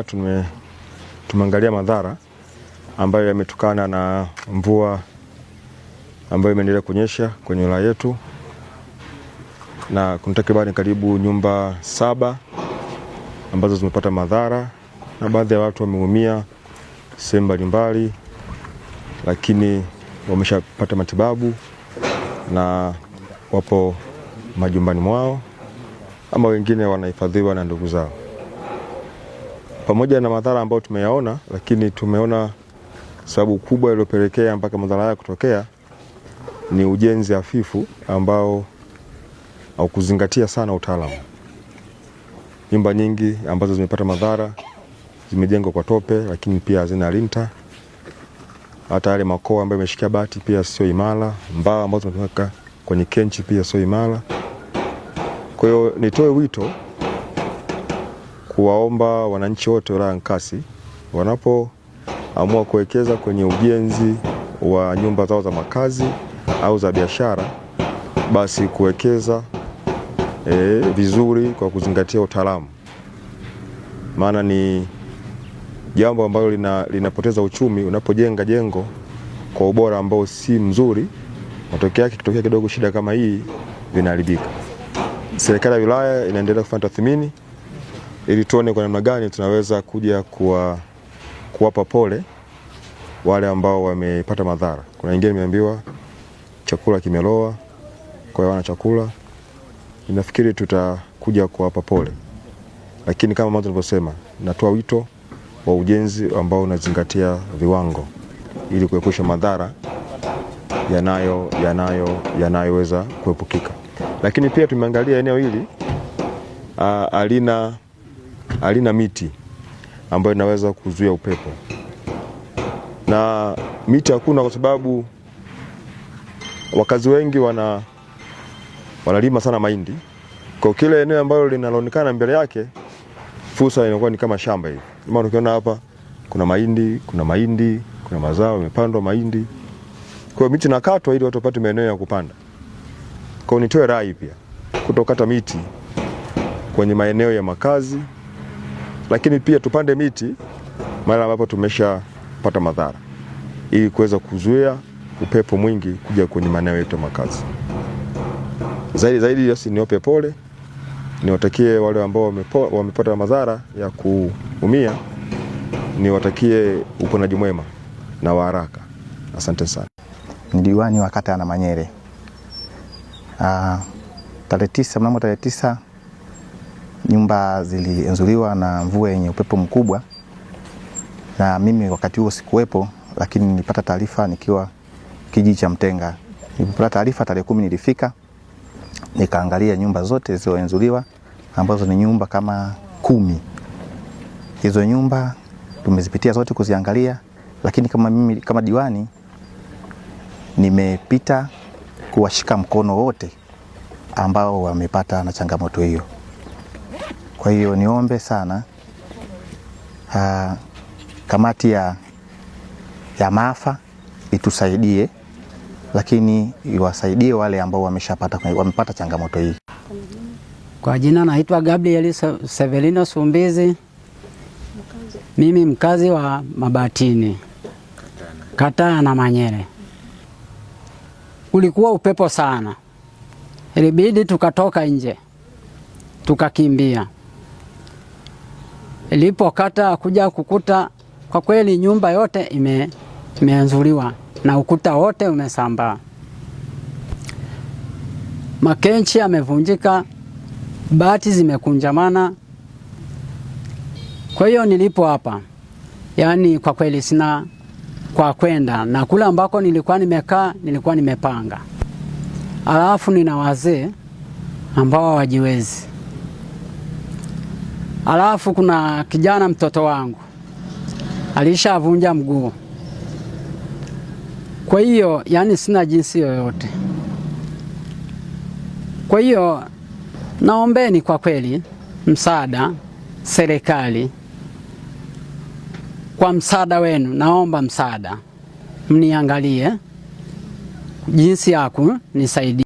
Tume, tumeangalia madhara ambayo yametokana na mvua ambayo imeendelea kunyesha kwenye wilaya yetu, na kuna takribani karibu nyumba saba ambazo zimepata madhara na baadhi ya watu wameumia sehemu mbalimbali, lakini wameshapata matibabu na wapo majumbani mwao ama wengine wanahifadhiwa na ndugu zao pamoja na madhara ambayo tumeyaona, lakini tumeona sababu kubwa iliyopelekea mpaka madhara haya kutokea ni ujenzi hafifu ambao haukuzingatia sana utaalamu. Nyumba nyingi ambazo zimepata madhara zimejengwa kwa tope, lakini pia hazina linta. Hata yale makoa ambayo imeshikia bati pia sio imara, mbao ambazo tunaweka kwenye kenchi pia sio imara. Kwa hiyo nitoe wito kuwaomba wananchi wote wilaya Nkasi wanapoamua kuwekeza kwenye ujenzi wa nyumba zao za makazi au za biashara, basi kuwekeza e, vizuri kwa kuzingatia utaalamu, maana ni jambo ambalo lina, linapoteza uchumi unapojenga jengo kwa ubora ambao si mzuri. Matokeo yake kitokea kidogo shida kama hii vinaharibika. Serikali ya wilaya inaendelea kufanya tathmini ili tuone kwa namna gani tunaweza kuja kuwa, kuwapa pole wale ambao wamepata madhara. Kuna wengine nimeambiwa chakula kimeloa, kwa hiyo wana chakula. Ninafikiri tutakuja kuwapa pole, lakini kama mwanzo nilivyosema, natoa wito wa ujenzi ambao unazingatia viwango ili kuepusha madhara yanayo yanayo yanayoweza kuepukika. Lakini pia tumeangalia eneo hili alina halina miti ambayo inaweza kuzuia upepo, na miti hakuna kwa sababu wakazi wengi wana wanalima sana mahindi, kwa kile eneo ambalo linaloonekana mbele yake fursa inakuwa ni kama shamba hivi. Kama ukiona hapa kuna mahindi, kuna mahindi, kuna mazao yamepandwa mahindi. Kwa miti nakatwa ili watu wapate maeneo ya kupanda. Kwa nitoe rai pia kutokata miti kwenye maeneo ya makazi lakini pia tupande miti mara ambapo tumeshapata madhara ili kuweza kuzuia upepo mwingi kuja kwenye maeneo yetu ya makazi. Zaidi zaidi, basi niope pole, niwatakie wale ambao wamepata madhara ya kuumia, niwatakie uponaji mwema na wa haraka. Asante sana. Ni diwani wa kata ya Namanyere. Ah, tarehe tisa, mnamo tarehe tisa Nyumba zilienzuliwa na mvua yenye upepo mkubwa, na mimi wakati huo sikuwepo, lakini nilipata taarifa nikiwa kijiji cha Mtenga. Nilipata taarifa tarehe kumi nilifika nikaangalia nyumba zote zilizoenzuliwa ambazo ni nyumba kama kumi. Hizo nyumba tumezipitia zote kuziangalia, lakini kama mimi kama diwani nimepita kuwashika mkono wote ambao wamepata na changamoto hiyo. Kwa hiyo niombe sana uh, kamati ya, ya maafa itusaidie, lakini iwasaidie wale ambao wameshapata wamepata changamoto hii. Kwa jina naitwa Gabriel Severino Sumbizi, mimi mkazi wa Mabatini, kata na Manyere. Ulikuwa upepo sana, ilibidi tukatoka nje tukakimbia Ilipokata kuja kukuta kwa kweli nyumba yote ime, imeanzuliwa na ukuta wote umesambaa, makenchi yamevunjika, bati zimekunjamana. Kwa hiyo nilipo hapa, yaani kwa kweli sina kwa kwenda, na kule ambako nilikuwa nimekaa nilikuwa nimepanga, alafu nina wazee ambao hawajiwezi Alafu kuna kijana mtoto wangu alishavunja mguu, kwa hiyo yani sina jinsi yoyote. Kwa hiyo naombeni kwa kweli msaada serikali, kwa msaada wenu, naomba msaada mniangalie jinsi yaku nisaidie